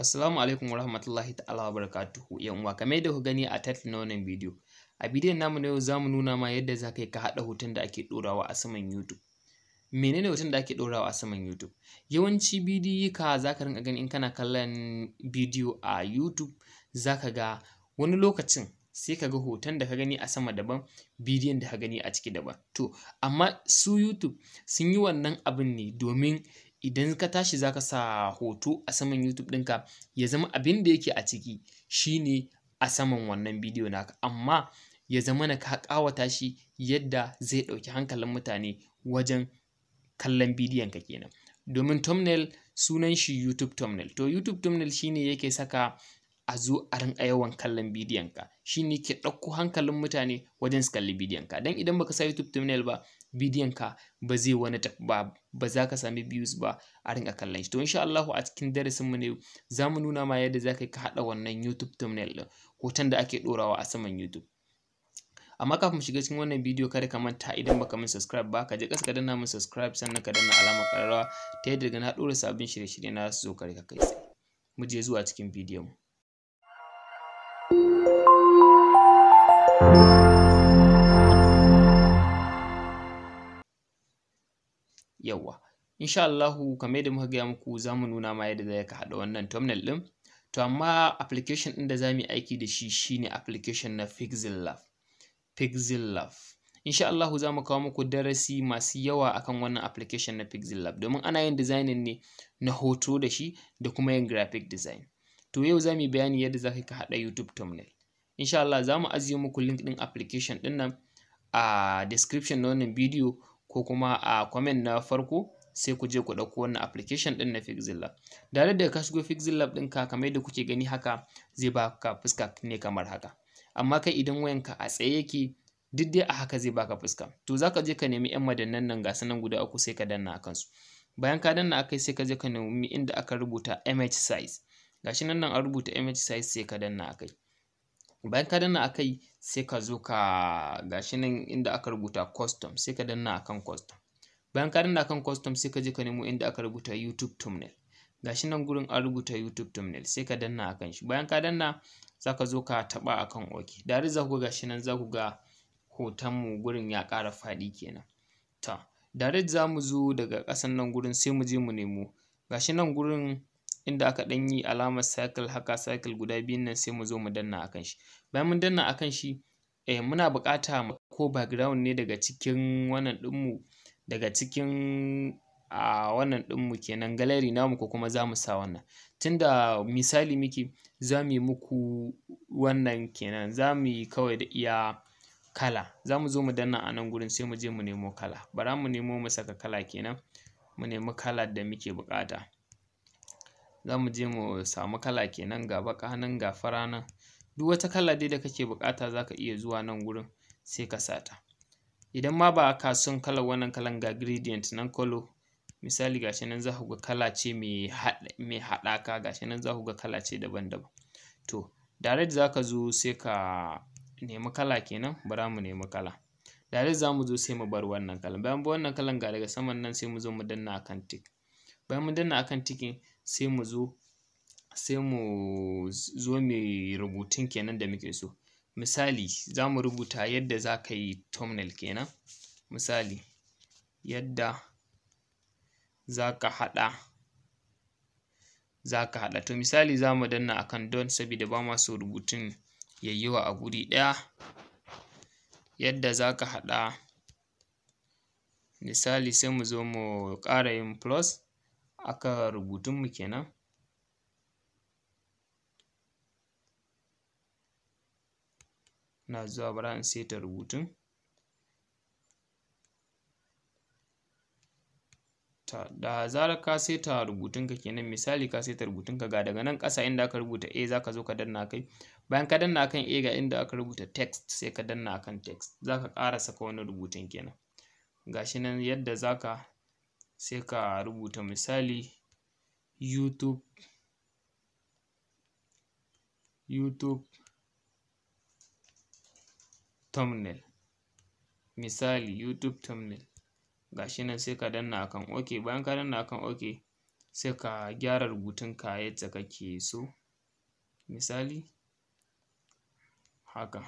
Assalamu alaikum warahmatullahi ta'ala wa barakatuhu yan uwa kamar yadda ku gani a title na wannan bidiyo. A bidiyon namu na yau zamu nuna ma yadda za ka yi ka haɗa hoton da ake ɗorawa a saman YouTube. Menene hoton da ake ɗorawa a saman YouTube? Yawanci bidiyo ka za ka rinka gani in kana kallon bidiyo a YouTube za ka ga wani lokacin sai ka ga hoton da ka gani a sama daban bidiyon da ka gani a ciki daban. To amma su YouTube sun yi wannan abin ne domin idan ka tashi za ka sa hoto a saman YouTube ɗinka ya zama abin da yake a ciki shine a saman wannan bidiyo naka amma ya zama na ka ƙawata shi yadda zai ɗauki hankalin mutane wajen kallon bidiyon ka kenan domin thumbnail sunan shi YouTube thumbnail to YouTube thumbnail shine yake saka a zo a rinƙa yawan kallon bidiyon ka shine ke ɗauko hankalin mutane wajen su kalli bidiyon ka Don idan baka sa YouTube thumbnail ba bidiyon ka ba zai wani ba ba za ka sami views ba a rinka kallon shi to insha Allah a cikin darasin mu ne za mu nuna ma yadda za ka yi ka hada wannan YouTube thumbnail ɗin hoton da ake dorawa a saman YouTube amma kafin mu shiga cikin wannan bidiyo kada ka manta idan baka min subscribe ba ka je ka danna min subscribe sannan ka danna alamar ƙararrawa ta yadda na dora sabbin shirye-shirye na su zo kare ka kai sai mu je zuwa cikin bidiyon mu insha Allahu kamar yadda muka gaya muku za mu nuna ma yadda za ka haɗa wannan thumbnail ɗin to amma application ɗin da za mu yi aiki da shi shine application na Pixel Love. Pixel Lab insha Allahu za mu kawo muku darasi masu yawa akan wannan application na Pixel Love domin ana yin designing ne na hoto da shi da kuma yin graphic design to yau za mu yi bayani yadda za ka haɗa YouTube thumbnail insha Allah za mu ajiye muku link ɗin application ɗin nan a description na wannan bidiyo ko kuma a comment na farko sai ku je ku ɗauko wannan application ɗin na Fixzilla. Dare da ka shigo Fixzilla ɗinka kamar yadda kuke gani haka zai baka fuska ne kamar haka. Amma kai idan wayanka a tsaye yake duk dai a haka zai baka fuska. To za ka je ka nemi 'yan madannan nan ga sanan guda uku sai ka danna a su Bayan ka danna a kai sai ka je ka nemi inda aka rubuta image size. Ga shi nan nan an rubuta image size sai ka danna a kai. bayan ka danna akai sai ka zo ka gashi nan inda aka rubuta custom sai ka danna akan custom bayan ka danna kan custom sai ka je ka nemo inda aka rubuta youtube thumbnail gashi nan gurin an rubuta youtube thumbnail sai ka danna akan shi bayan ka danna za ka zo ka taɓa akan ok da za ku gashi nan za ku ga hotonmu gurin ya ƙara faɗi kenan to direct za mu zo daga kasan nan gurin sai mu je mu nemo gashi nan gurin inda aka ɗan yi alamar cycle haka cycle guda biyun nan sai mu zo mu danna akan shi bayan mun danna akan shi eh muna buƙata ko background ne daga cikin wannan mu daga cikin a wannan ɗinmu kenan gallery namu ko kuma za mu sa wannan tunda misali muke za mu yi muku wannan kenan za mu yi kawai da iya kala za mu zo mu danna a nan gurin sai mu je mu nemo kala bara mu nemo mu saka kala kenan mu nemi kalar da muke buƙata za mu je mu samu kala kenan ga baƙa nan ga fara nan duk wata kala dai da kake buƙata za ka iya zuwa nan gurin sai ka sata. idan ma ba ka son kalan wannan kalan ga gradient nan kolo, misali ga shi nan za ku ga kala ce mai haɗaka ga shi nan za ku ga kala ce daban-daban to direct za ka zo sai ka nemi kala kenan bara mu nemi kala direct za mu zo sai mu bar wannan kalan bayan bar wannan kalan ga daga saman nan sai mu zo mu danna akan tick bayan mun danna akan kan sai mu zo sai mu zo mai rubutun kenan da muke so misali za mu rubuta yadda za ka yi thumbnail kenan misali yadda za ka haɗa za ka haɗa to misali za mu danna a kan don sabida ba ma so rubutun ya yi a guri ɗaya yadda za ka haɗa misali sai mu zo mu ƙara yin plus aka rubutunmu kenan ina zuwa bara in saita rubutun ta da zarar ka saita rubutunka kenan misali ka saita rubutunka ga daga nan ƙasa inda aka rubuta A za ka zo ka danna kai bayan ka danna kan A ga inda aka rubuta text sai ka danna kan text za ka ƙara saka wani rubutun kenan gashi nan yadda za ka sai ka rubuta misali YouTube YouTube thumbnail misali youtube thumbnail gashi nan sai ka danna akan ok bayan ka danna akan ok sai ka gyara rubutunka yadda kake so misali haka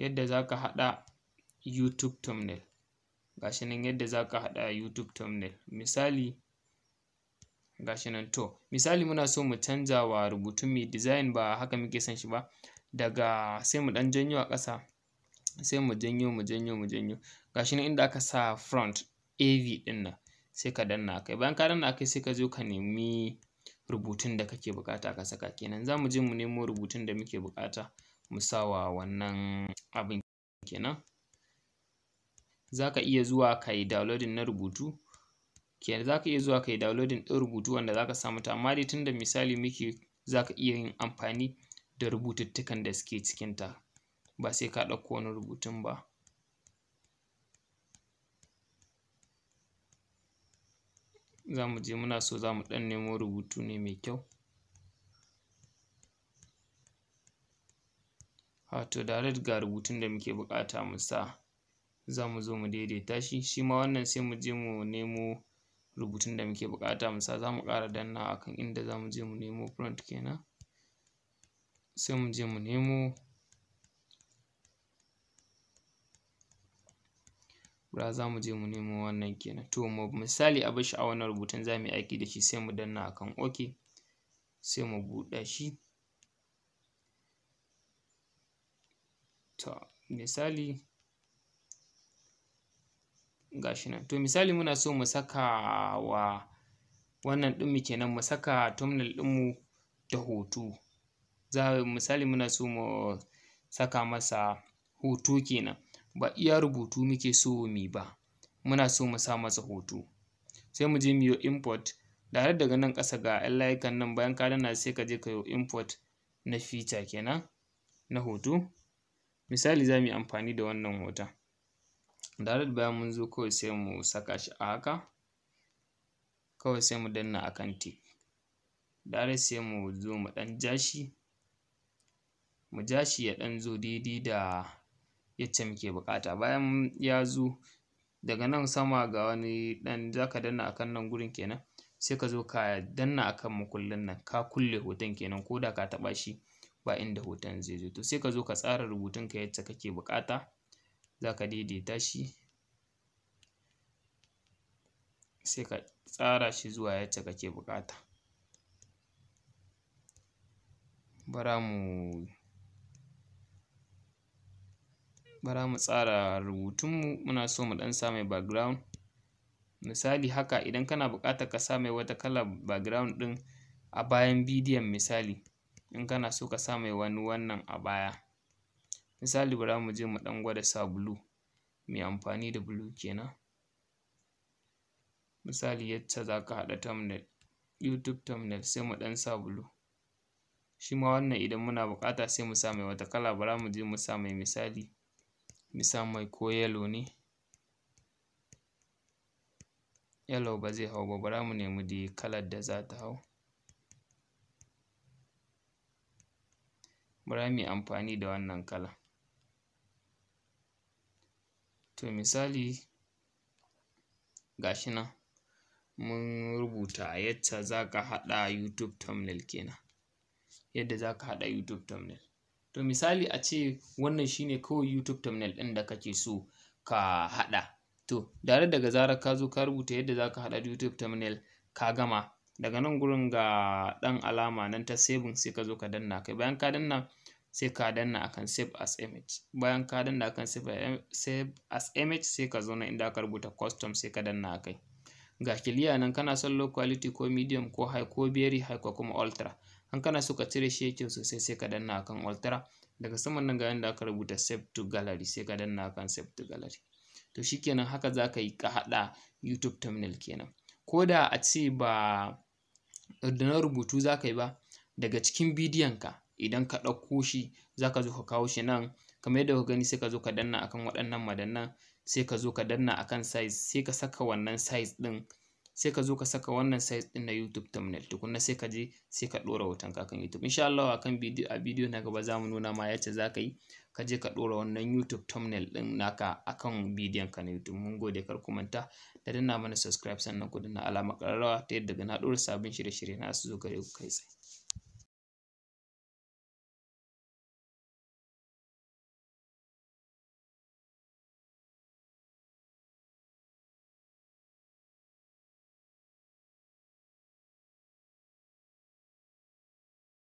yadda zaka haɗa youtube thumbnail gashi nan yadda zaka haɗa youtube thumbnail misali gashi nan to misali muna so mu canza wa rubutun mu design ba haka muke son shi ba daga sai mu ɗan janyo a ƙasa sai mu janyo mu janyo mu janyo gashi nan inda aka sa front AV ɗin nan sai ka danna akai bayan ka danna akai sai ka zo ka nemi rubutun da kake buƙata ka saka kenan za mu je mu nemo rubutun da muke buƙata mu sa wa wannan abin kenan za ka iya zuwa ka yi downloading na rubutu kenan za ka iya zuwa ka yi downloading ɗin rubutu wanda za ka sa mata amma dai tunda misali muke za ka iya yin amfani da rubututtukan da suke cikinta ba sai ka ɗauko wani rubutun ba za mu je muna so za mu ɗan nemo rubutu ne mai kyau wato direct ga rubutun da muke buƙata mu sa za mu zo mu daidaita shi shi ma wannan sai mu je mu nemo rubutun da muke buƙata mu sa za mu ƙara danna a kan inda za mu je mu nemo prompt kenan sai mu je mu nemo ra za mu je mu nemo wannan kenan to misali a bar shi a wannan rubutun za mu yi aiki da shi sai mu danna akan ok sai mu buɗe shi to misali ga shi nan to misali muna so mu saka wa wannan ɗinmu kenan mu saka thumbnail ɗinmu da hoto za misali muna so mu saka masa hoto kenan ba iya rubutu muke so muyi ba muna so mu sa masa hoto sai mu je mu yi import tare daga nan ƙasa ga ƴan layukan nan bayan ka danna sai ka je ka yi import na feature kenan na hoto misali za mu yi amfani da wannan hoton da bayan mun zo kawai sai mu saka shi a haka kawai sai mu danna akan tick har sai mu zo mu ɗan ja shi mu ja shi ya ɗan zo daidai da yacce muke buƙata bayan ya zo daga nan sama ga wani ɗan za ka danna akan nan gurin kenan sai ka zo ka danna akan makullin nan ka kulle hoton kenan ko da ka taɓa shi ba inda hoton zai zo to sai ka zo ka tsara rubutun ka yacce kake buƙata za ka daidaita shi sai ka tsara shi zuwa yacce kake buƙata bara mu bara mu tsara rubutunmu muna so mu ɗan sa mai background misali haka idan kana buƙatar ka sa mai wata kala background ɗin a bayan bidiyon misali in kana so ka sa mai wani wannan a baya misali bara mu je mu ɗan gwada sa blue mai amfani da blue kenan misali yacce za ka haɗa thumbnail YouTube thumbnail sai mu ɗan sa blue shi wannan idan muna buƙata sai mu sa mai wata kala bara mu je mu sa mai misali misa mai ko yalo ne Yalo ba zai hau ba bara mu nemi dai kalar da za ta hau bara mu amfani da wannan kala. to misali ga shi nan mun rubuta yadda za ka haɗa YouTube thumbnail kenan yadda za ka haɗa YouTube thumbnail to misali a ce wannan shine kawai youtube thumbnail ɗin da kake so ka haɗa to dare daga zarar ka zo ka rubuta yadda za ka haɗa youtube thumbnail ka gama daga nan gurin ga ɗan alama nan ta saving sai ka zo ka danna kai bayan ka danna sai ka danna akan save as image bayan ka danna akan save as image sai ka zo nan inda aka rubuta custom sai ka danna akai ga kiliya nan kana son low quality ko medium ko high ko very high ko kuma ultra in kana so ka cire shekin sosai sai ka danna akan ultra daga saman nan ga yanda aka rubuta save to gallery sai ka danna akan save to gallery to shikenan haka za ka yi ka haɗa youtube terminal kenan ko da a ce ba da na rubutu za ka yi ba daga cikin bidiyon ka idan ka ɗauko shi za ka zo ka kawo shi nan kamar yadda ka gani sai ka zo ka danna akan waɗannan madannan sai ka zo ka danna akan size sai ka saka wannan size ɗin sai ka zo ka saka wannan site ɗin na YouTube thumbnail tukunna sai ka je sai ka ɗora hoton ka kan YouTube insha Allah a kan bidiyo a bidiyo na gaba za mu nuna ma yacce za ka yi ka je ka ɗora wannan YouTube thumbnail ɗin naka akan bidiyon ka na YouTube mun gode kar ku manta da danna mana subscribe sannan ku danna alamar ƙararrawa ta yadda na ɗora sabbin shirye-shirye na su zo gare ku kai tsaye